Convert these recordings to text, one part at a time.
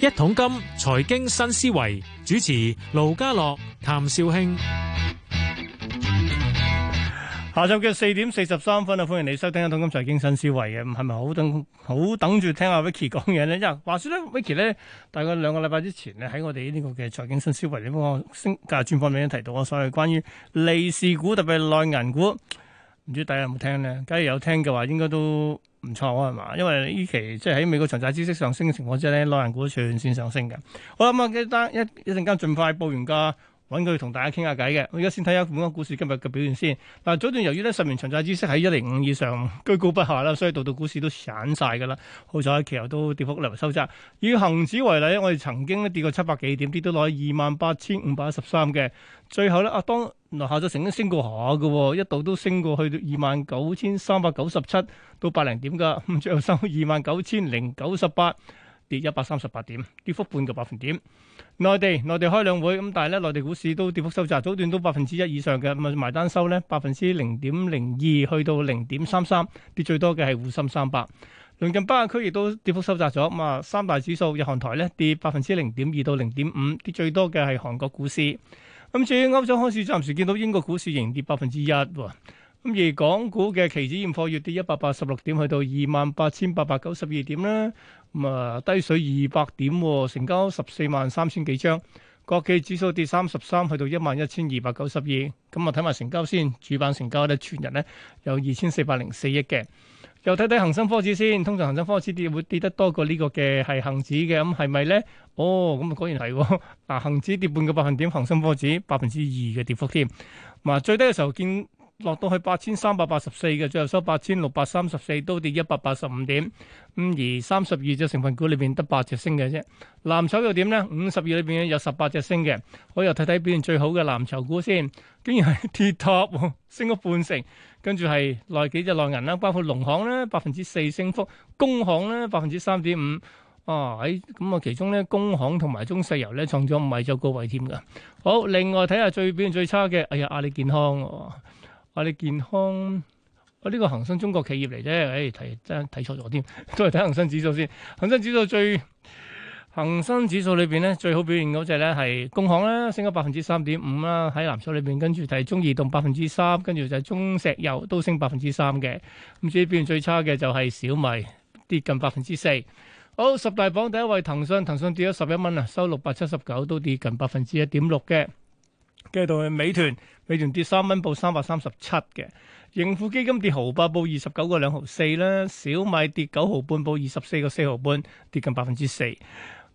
一桶金財經新思維，主持盧家樂、譚紹興，下晝嘅四點四十三分啊，歡迎你收聽一桶金財經新思維嘅，係咪好等好等住聽阿 Vicky 講嘢呢？因為話說咧，Vicky 呢，大概兩個禮拜之前呢，喺我哋呢個嘅財經新思維呢方先啊，專方面提到我所謂關於利是股，特別係內銀股。唔知大家有冇聽咧？假如有聽嘅話，應該都唔錯啊，係嘛？因為呢期即係喺美國長債指數上升嘅情況之下咧，內銀股全線上升嘅。好啦，咁啊，記得一一陣間盡快報完價。揾佢同大家傾下偈嘅，我而家先睇下本港股市今日嘅表現先。嗱、啊，早段由於咧十年長債孳息喺一零五以上居高不下啦，所以到到股市都散晒嘅啦。好彩期油都跌幅略為收窄。以恒指為例，我哋曾經咧跌過七百幾點，跌到落去二萬八千五百一十三嘅。最後咧，阿、啊、當嗱下晝曾經升過下嘅，一度都升過去二萬九千三百九十七到八零點㗎，咁最後收二萬九千零九十八。跌一百三十八點，跌幅半個百分點。內地內地開兩會咁，但係咧內地股市都跌幅收窄，早段都百分之一以上嘅咁啊，埋單收呢，百分之零點零二去到零點三三，跌最多嘅係滬深三百。鄰近北亞區亦都跌幅收窄咗，咁啊三大指數日韓台咧跌百分之零點二到零點五，跌最多嘅係韓國股市。咁至於歐洲開市，暫時見到英國股市仍跌百分之一。咁而港股嘅期指現貨月跌一百八十六點，去到二萬八千八百九十二點咧。咁啊，低水二百點，成交十四萬三千幾張。國企指數跌三十三，去到一萬一千二百九十二。咁啊，睇埋成交先，主板成交咧全日咧有二千四百零四億嘅。又睇睇恒生科指先，通常恒生科指跌會跌得多過呢個嘅係恒指嘅，咁係咪咧？哦，咁啊果然係喎。嗱，恆指跌半個百分點，恒生科指百分之二嘅跌幅添。嗱，最低嘅時候見落到去八千三百八十四嘅，最後收八千六百三十四，都跌一百八十五點。咁而三十二隻成分股裏邊得八隻升嘅啫。藍籌又點咧？五十二裏邊有十八隻升嘅，我又睇睇表現最好嘅藍籌股先，竟然係鐵塔升咗半成，跟住係內幾隻內銀啦，包括農行咧百分之四升幅，工行咧百分之三點五。哦，喺咁啊，哎、我其中咧工行同埋中石油咧創咗五日就高位添噶。好，另外睇下最表現最差嘅，哎呀，阿、啊、裏健康、啊。我哋、啊、健康，我、啊、呢、這個恒生中國企業嚟啫。誒、哎、睇真睇錯咗添，都係睇恒生指數先。恒生指數最恒生指數裏邊咧最好表現嗰隻咧係工行啦，升咗百分之三點五啦，喺藍籌裏邊。跟住就係中移動百分之三，跟住就係中石油都升百分之三嘅。咁至於表現最差嘅就係小米跌近百分之四。好，十大榜第一位騰訊，騰訊跌咗十一蚊啊，11, 收六百七十九，都跌近百分之一點六嘅。繼續到去美團，美團跌三蚊，報三百三十七嘅。盈富基金跌毫八，報二十九個兩毫四啦。小米跌九毫半，報二十四個四毫半，跌近百分之四。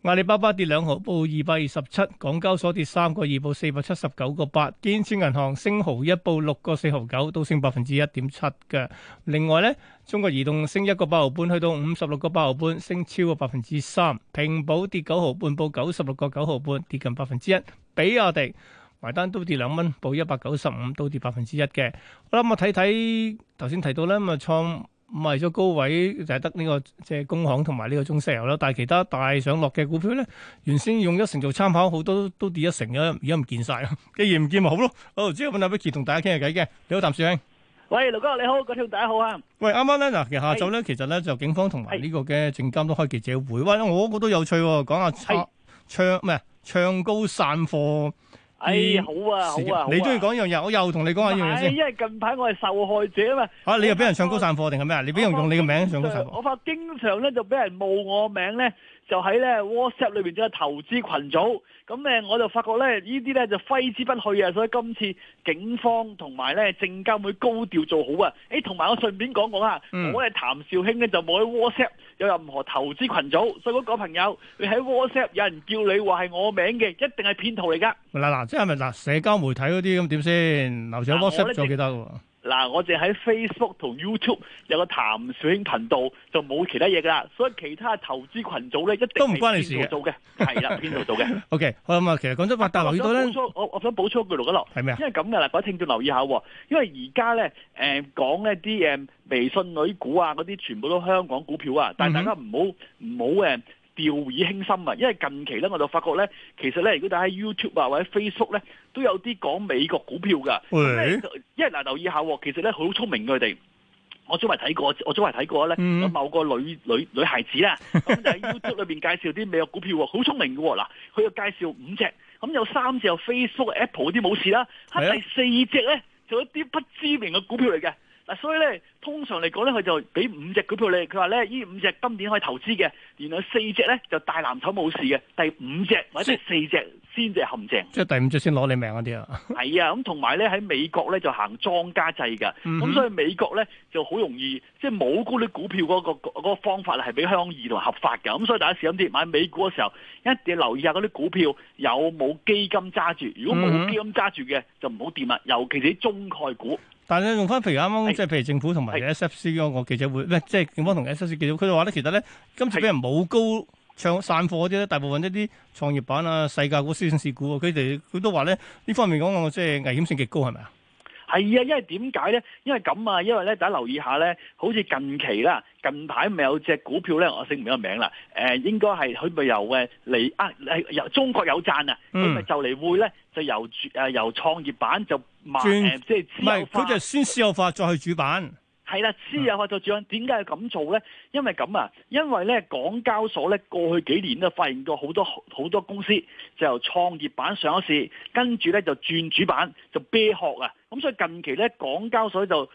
阿里巴巴跌兩毫，報二百二十七。港交所跌三個二，報四百七十九個八。建設銀行升毫一，報六個四毫九，都升百分之一點七嘅。另外呢，中國移動升一個八毫半，去到五十六個八毫半，升超過百分之三。平保跌九毫半，報九十六個九毫半，跌近百分之一。比亞迪。埋單都跌兩蚊，報一百九十五，都跌百分之一嘅。我諗我睇睇頭先提到咧，咪創賣咗高位，就係得呢個即係工行同埋呢個中石油啦。但係其他大上落嘅股票咧，原先用一成做參考，好多都跌一成咗，而家唔見晒啊。既然唔見咪好咯。好、哦，之要只問下 Vicky 同大家傾下偈嘅。你好，譚紹興。喂，劉哥你好，嗰條大家好啊。喂，啱啱咧嗱，下晝咧其實咧就是警方同埋呢個嘅證監都開記者會，喂，我覺得有趣、哦，講下是唱唱咩唱高散貨。.哎，好啊，嗯、好啊，好啊，你中意講一樣嘢，我又同你講下一樣嘢先。因為、哎、近排我係受害者啊嘛。啊，你又俾人唱高散貨定係咩啊？你俾人用你嘅名字唱高散貨。我發經常咧就俾人冒我名咧，就喺咧 WhatsApp 裏邊仲有投資群組。咁咧我就發覺咧，呢啲咧就揮之不去啊！所以今次警方同埋咧證監會高調做好啊！誒，同埋我順便講講啦，嗯、我係譚紹興咧就冇喺 WhatsApp 有任何投資群組，所以嗰個朋友你喺 WhatsApp 有人叫你話係我名嘅，一定係騙徒嚟噶。嗱嗱、啊，即係咪嗱社交媒體嗰啲咁點先？留住 WhatsApp 就記得喎。啊。嗱，我哋喺 Facebook 同 YouTube 有個譚紹興頻道，就冇其他嘢噶啦。所以其他投資群組咧，一定唔關你事嘅的。都唔關你事嘅，係啦，邊度做嘅？O K，好咁啊，其實講咗發達樓嗰度我想我，我想補充一句落一落，係咪啊？因為咁嘅啦，各位聽眾留意下喎，因為而家咧誒講咧啲微信女股啊嗰啲，全部都香港股票啊，但大家唔好唔好掉以輕心啊！因為近期咧，我就發覺咧，其實咧，如果大家喺 YouTube 啊或者 Facebook 咧，都有啲講美國股票㗎。咁咧喂，一難留意一下喎，其實咧好聰明佢哋。我早排睇過，我早排睇過咧，有某個女女女孩子啦，咁、嗯、就喺 YouTube 裏面介紹啲美國股票喎，好聰明嘅喎、哦。嗱，佢就介紹五隻，咁有三隻有 Facebook、Apple 嗰啲冇事啦，第四隻咧就有一啲不知名嘅股票嚟嘅。嗱，所以咧，通常嚟講咧，佢就俾五隻股票你，佢話咧，呢五隻今年可以投資嘅，然後四隻咧就大藍籌冇事嘅，第五隻或者四隻先至係陷阱。即係第五隻先攞你命嗰啲啊？係 啊，咁同埋咧喺美國咧就行莊家制噶，咁、嗯、哼所以美國咧就好容易即係冇估啲股票嗰個、嗰個方法係俾香港易同埋合法嘅，咁所以大家小心啲，買美股嘅時候一定要留意下嗰啲股票有冇基金揸住，如果冇基金揸住嘅就唔好掂啦，嗯、哼尤其是啲中概股。但係你用翻譬如啱啱即係譬如政府同埋 SFC 嗰個記者會，是即係警方同 SFC 記者會，佢哋話咧，其實咧今是次俾人唱高唱散貨嗰啲咧，大部分一啲創業板啊、細價股、小事故股，佢哋佢都話咧呢方面講嘅即係危險性極高，係咪啊？係、哎、啊，因為點解咧？因為咁啊，因為咧，大家留意一下咧，好似近期啦，近排咪有隻股票咧，我醒唔起個名啦。誒、呃，應該係佢咪由誒嚟啊，係、啊啊、由中國有贊啊，佢咪、嗯、就嚟會咧，就由誒、啊、由創業板就轉，即係私唔係佢就先私有化，化再去主板。係啦、嗯，私有化就主板。點解要咁做咧？因為咁啊，因為咧，港交所咧過去幾年咧發現過好多好多公司就由創業板上咗市，跟住咧就轉主板就啤殼啊。咁所以近期咧，港交所就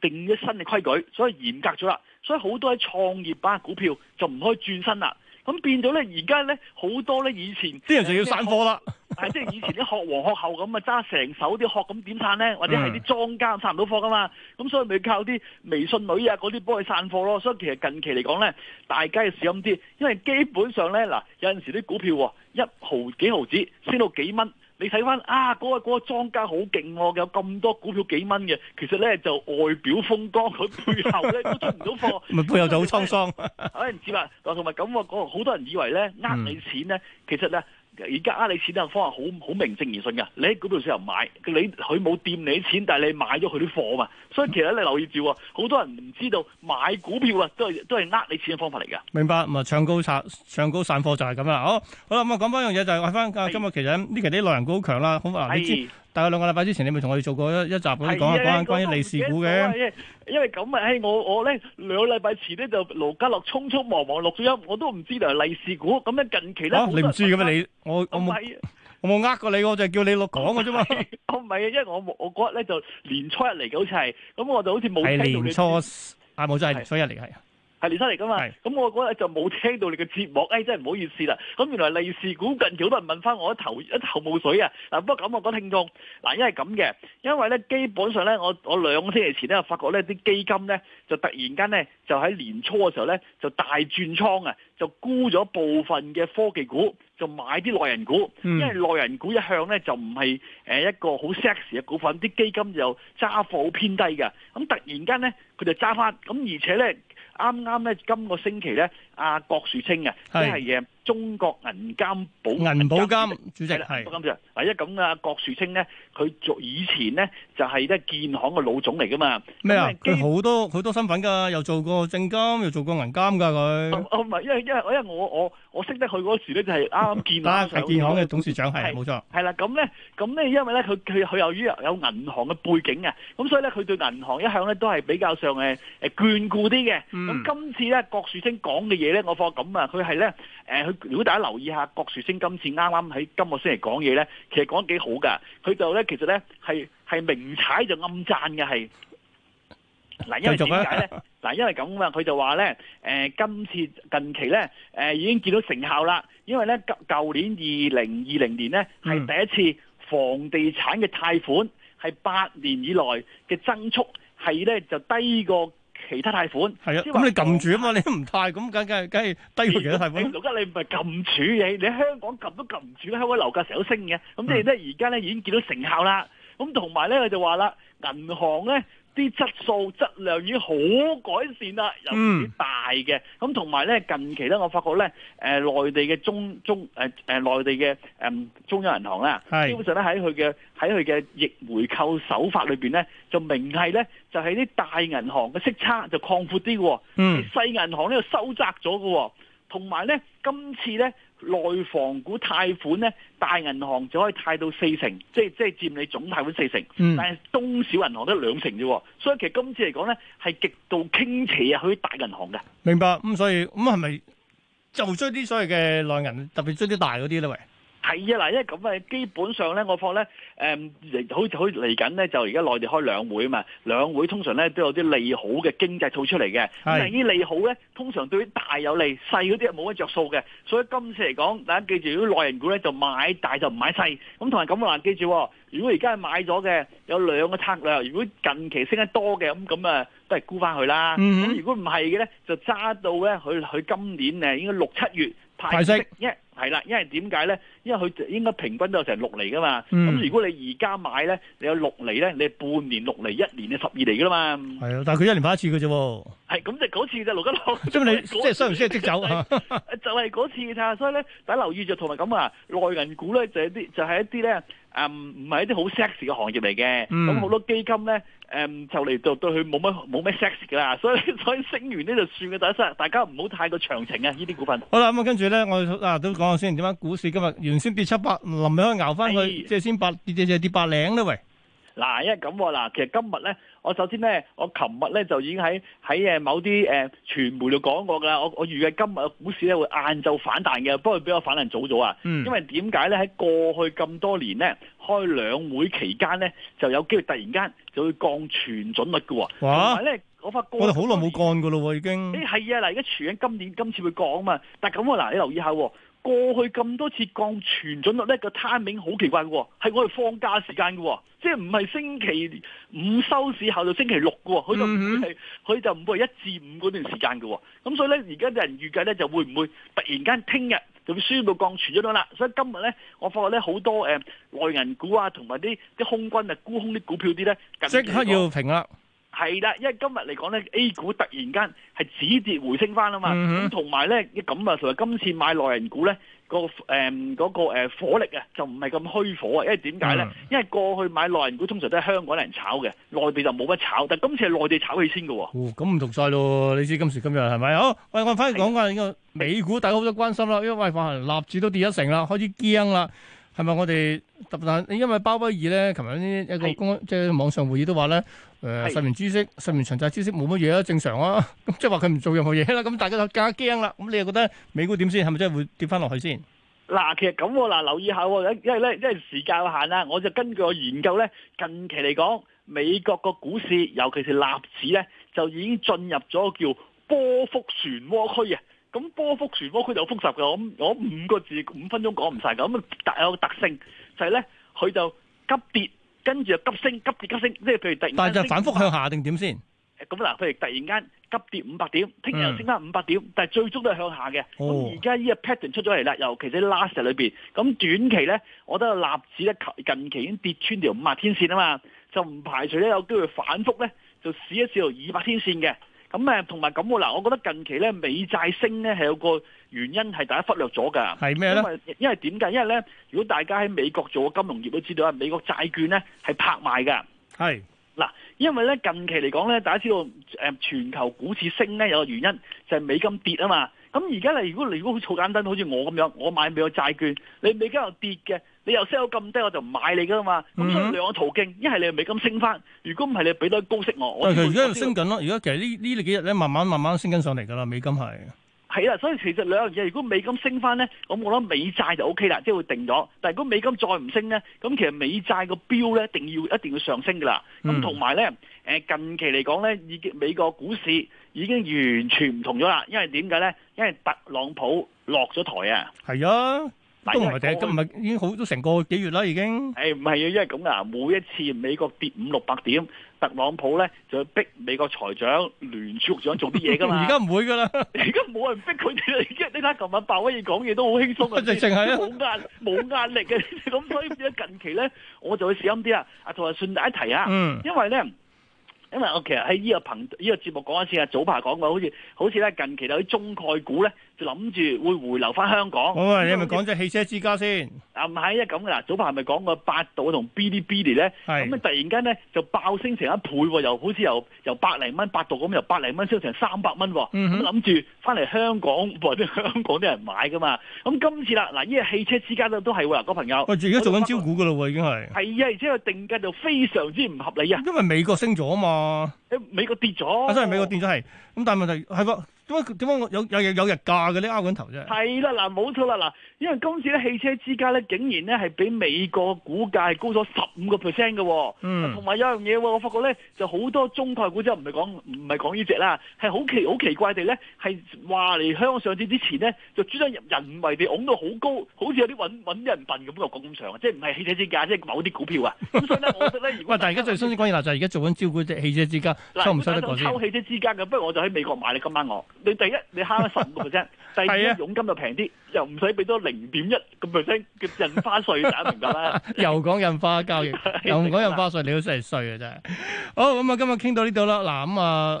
定咗新嘅規矩，所以嚴格咗啦。所以好多喺創業板股票就唔可以轉身啦。咁變咗咧，而家咧好多咧，以前啲人就要散貨啦。係即係以前啲殼王殼后咁啊，揸成手啲殼咁點散咧，或者係啲莊家散唔到貨㗎嘛。咁所以咪靠啲微信女啊嗰啲幫佢散貨咯。所以其實近期嚟講咧，大家要小心啲，因為基本上咧，嗱有陣時啲股票一毫幾毫紙升到幾蚊。你睇返啊，嗰、那個嗰、那個、莊家好勁喎，有咁多股票幾蚊嘅，其實咧就外表風光，佢背後咧都出唔到貨，唔係背後就好滄桑。誒唔、 哎、知話，同埋咁喎，好、那個、多人以為咧呃你錢咧，其實咧。而家呃你的錢嘅方法好好名正言順噶，你喺股票市場買，你佢冇掂你錢，但係你買咗佢啲貨嘛，所以其實你留意住啊，好多人唔知道買股票啊，都係都係呃你的錢嘅方法嚟噶。明白，咪唱高拆、唱高散貨就係咁啦，好、就是是，好啦，我講翻一樣嘢就係翻，今日其實呢期啲內銀股好強啦，好啊，你知。有兩個禮拜之前，你咪同我哋做過一一集，咧講一翻關於利是股嘅。因為咁啊，唉，我我咧兩禮拜前咧就勞家樂匆匆忙忙錄咗音，我都唔知道係利是股。咁樣近期咧，你唔知嘅咩？你我我冇，我冇呃過你，我就係叫你落講嘅啫嘛。我唔係啊，因為我我嗰日咧就年初一嚟嘅，好似係，咁我就好似冇。係年初啊，冇錯，係年初一嚟嘅係。係嚟出嚟噶嘛？咁我嗰日就冇聽到你嘅節目，誒、哎、真係唔好意思啦。咁原來利是股近幾日好多人問翻我，一頭一頭霧水啊！嗱，不過咁我覺得聽眾嗱，因為咁嘅，因為咧基本上咧，我我兩個星期前咧就發覺咧啲基金咧就突然間咧就喺年初嘅時候咧就大轉倉啊，就沽咗部分嘅科技股，就買啲內人股，嗯、因為內人股一向咧就唔係一個好 sexy 嘅股份，啲基金又揸貨偏低嘅，咁突然間咧佢就揸翻，咁而且咧。啱啱咧，今個星期咧，阿郭樹清啊，即係嘅。中國銀監保銀保監主席，係保監主席，或者咁啊？郭樹清咧，佢做以前咧就係咧建行嘅老總嚟噶嘛？咩啊？佢好多好多身份噶，又做過證監，又做過銀監噶佢。唔唔係，因為因為我因為我我我識得佢嗰時咧就係啱啱建行。啊，係建行嘅董事長，係冇錯。係啦，咁咧，咁咧，因為咧，佢佢佢由於有銀行嘅背景啊，咁所以咧，佢對銀行一向咧都係比較上誒誒眷顧啲嘅。咁今次咧，郭樹清講嘅嘢咧，我發覺咁啊，佢係咧誒佢。如果大家留意下郭樹清今次啱啱喺今個星期講嘢呢，其實講得幾好㗎，佢就續、啊、呢，其實呢係係明踩就暗讚嘅係，嗱因為點解呢？嗱因為咁啊，佢就話呢，誒，今次近期呢誒、呃、已經見到成效啦，因為呢舊年二零二零年呢，係第一次房地產嘅貸款係八、嗯、年以來嘅增速係呢就低過其他貸款，咁你撳住啊嘛，你唔貸，咁梗係梗係低於其他貸款。老吉，你唔係撳住嘅，你香港撳都撳唔住，香港樓價成日都升嘅，咁即係咧而家咧已經見到成效啦。咁同埋咧，佢就話啦，銀行咧。啲質素質量已經好改善啦，尤其是大嘅咁，同埋咧近期咧，我發覺咧誒、呃、內地嘅中中誒誒、呃呃、內地嘅誒、呃、中央銀行啦，基本上咧喺佢嘅喺佢嘅逆回購手法裏邊咧，就明係咧就係、是、啲大銀行嘅息差就擴闊啲嘅，細、嗯、銀行咧就收窄咗嘅，同埋咧今次咧。內房股貸款咧，大銀行就可以貸到四成，即係即係佔你總貸款四成，但係中小銀行得兩成啫。所以其實今次嚟講咧，係極度傾斜啊，去大銀行嘅。明白，咁、嗯、所以咁係咪就追啲所謂嘅內銀，特別追啲大嗰啲咧？喂！係啊，嗱，因為咁啊，基本上咧，我覺咧，誒、嗯、好似好似嚟緊咧，就而家內地開兩會啊嘛，兩會通常咧都有啲利好嘅經濟套出嚟嘅，的但係呢啲利好咧，通常對於大有利，細嗰啲冇乜着數嘅，所以今次嚟講，大家記住，如果內人股咧就買大就唔買細，咁同埋咁啊，嗱，記住、哦，如果而家係買咗嘅，有兩個策略，如果近期升得多嘅，咁咁啊都係沽翻佢啦，咁、嗯、哼如果唔係嘅咧，就揸到咧，佢佢今年誒，應該六七月。派息，一係啦，因為點解咧？因為佢應該平均都有成六厘噶嘛。咁如果你而家買咧，你有六厘咧，你半年六厘，一年你十二厘噶啦嘛。係啊，但係佢一年派一次嘅啫。係，咁就嗰次就六一六。即係需唔需要即走？就係嗰次啫，所以咧，大家留意住，同埋咁啊，內銀股咧就係啲，就係一啲咧，誒，唔唔係一啲好 sexy 嘅行業嚟嘅。咁好多基金咧。誒，um, 就嚟就對佢冇乜冇咩 sex 噶啦，所以所以升完呢就算嘅，第大家大家唔好太過長情啊！呢啲股份好啦。咁、嗯、啊跟住咧，我啊都講下先，點解股市今日原先跌七百，臨尾可以熬翻去，哎、即係先八跌跌跌跌八零咧喂！嗱，因為咁喎，嗱，其實今日咧，我首先咧，我琴日咧就已經喺喺誒某啲誒傳媒度講過噶啦，我我預計今日嘅股市咧會晏晝反彈嘅，不過比我反彈早咗啊，嗯、因為點解咧？喺過去咁多年咧，開兩會期間咧就有機會突然間就會降存準率嘅喎，同埋咧我發覺我哋好耐冇降嘅咯喎，已經，誒係啊，嗱，而家傳緊今年今次會降啊嘛，但係咁喎，嗱，你留意下喎。過去咁多次降存準率呢個 timing 好奇怪嘅，係我哋放假時間嘅，即係唔係星期五收市後就星期六嘅，佢就唔係，佢、嗯、哼就唔會一至五嗰段時間嘅。咁所以咧，而家啲人預計咧，就會唔會突然間聽日就會宣布降存準率啦。所以今日咧，我發覺咧好多誒內銀股啊，同埋啲啲空軍啊，沽空啲股票啲咧，即刻要停啦。係啦，因為今日嚟講咧，A 股突然間係止跌回升返啊嘛，咁同埋咧，咁啊，同埋今次買內銀股咧，個誒嗰個誒火力啊，就唔係咁虛火啊，因為點解咧？因為過去買內銀股通常都係香港人炒嘅，內地就冇乜炒，但係今次係內地炒起先噶喎。哦，咁唔同晒咯，你知今時今日係咪？哦，喂，我反而講緊個美股，大家好多關心啦，因為喂，泛民納指都跌一成啦，開始驚啦。係咪我哋特但？因為鮑威爾咧，琴日呢一個公是即係網上會議都話咧，誒是，睡眠知識、睡眠長債知識冇乜嘢啦，正常啊，咁即係話佢唔做任何嘢啦。咁大家就更加驚啦。咁你又覺得美股點先？係咪真係會跌翻落去先？嗱，其實咁，嗱，留意一下，因因為咧，因為時間有限啊，我就根據我研究咧，近期嚟講，美國個股市，尤其是納指咧，就已經進入咗叫波幅漩渦區啊。全波佢就好複雜噶，我五個字五分鐘講唔晒噶，咁特有個特性就係咧，佢就急跌，跟住就急升，急跌急升，即係譬如突然間，但就反覆向下定點先？咁嗱，譬如突然間急跌五百點，聽日又升返五百點，嗯、但係最終都係向下嘅。而家呢個 pattern 出咗嚟啦，尤其喺 last 裏邊，咁短期咧，我覺得納指咧近期已經跌穿條五百天線啊嘛，就唔排除咧有機會反覆咧，就試一試到二百天線嘅。咁誒同埋咁嗱，我覺得近期咧美債升咧係有個原因係大家忽略咗㗎，係咩咧？因為因為點解？因為咧，如果大家喺美國做過金融業都知道啊，美國債券咧係拍賣㗎，係嗱是，因為咧近期嚟講咧，大家知道誒全球股市升咧有個原因就係、是、美金跌啊嘛，咁而家你如果你如果好似好簡單，好似我咁樣，我買美國債券，你美金又跌嘅。你又 sell 咁低，我就唔買你噶嘛。咁、mm hmm. 所以兩個途徑，一係你美金升翻，如果唔係你俾多高息我。我係而家升緊咯，而家其實呢呢幾日咧，慢慢慢慢升緊上嚟噶啦，美金係。係啦，所以其實兩樣嘢，如果美金升翻咧，我諗美債就 O K 啦，即係會定咗。但係如果美金再唔升咧，咁其實美債個標咧，一定要一定要上升噶啦。咁同埋咧，誒、hmm. 近期嚟講咧，已經美國股市已經完全唔同咗啦。因為點解咧？因為特朗普落咗台啊。係啊。都唔係，都唔係已經好都成個幾月啦，已經。誒唔係啊，因為咁啊，每一次美國跌五六百點，特朗普咧就逼美國財長、聯儲局長做啲嘢噶嘛。而家唔會噶啦，而家冇人逼佢哋啦。你睇琴日鮑威爾講嘢都好輕鬆啊，淨係啊，冇壓冇壓力嘅。咁所以近期咧，我就會小心啲啊。啊同埋順帶一提啊，因為咧，因為我其實喺呢個頻呢個節目講一次啊。早排講過，好似好似咧近期有啲中概股咧。諗住會回流翻香港，喂，你係咪講咗汽車之家先？唔係啊咁噶啦，早排係咪講過百度同 Bilibili 咧？咁啊是突然間咧就爆升成一倍，又好似由由百零蚊百度咁，由百零蚊升成三百蚊。咁諗住翻嚟香港，或者香港啲人買噶嘛？咁今次啦，嗱呢個汽車之家都都係喎，個朋友。喂，而家做緊招股噶咯喎，已經係。係啊，而且個定價就非常之唔合理啊。因為美國升咗啊嘛。美國跌咗、哦，啊真係美國跌咗係，咁但係問題係噃，點解點解我有有有，有日價嘅咧拗緊頭啫？係啦，嗱冇錯啦，嗱，因為今次咧汽車之家咧竟然咧係比美國股價係高咗十五個 percent 嘅，同埋、哦嗯、有樣嘢我發覺咧，就好多中概股之後唔係講唔係講呢隻啦，係好、這個、奇好奇怪地咧係話嚟香港上市之前咧就專登人為地拱到好高，好似有啲揾揾人笨咁嘅講咁長，即唔係汽車之家，即、就是、某啲股票啊。咁 所以呢，我覺得哇！如果但係而家最新鮮講嘢嗱，就係而家做緊招股嘅汽車之家。收唔收得嗰啲？抽汽車之間嘅，不如我就喺美國買你今晚我，你第一你慳十五個 percent，第二佣金就平啲，又唔使俾多零點一個 percent 印花稅，大家明白啦？又講印花交易，又唔講印花稅， 你都真係稅啊！真係。好，咁啊，今日傾到呢度啦。嗱，咁啊。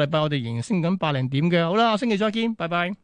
禮拜我哋仍然升緊八零點嘅，好啦，下星期再見，拜拜。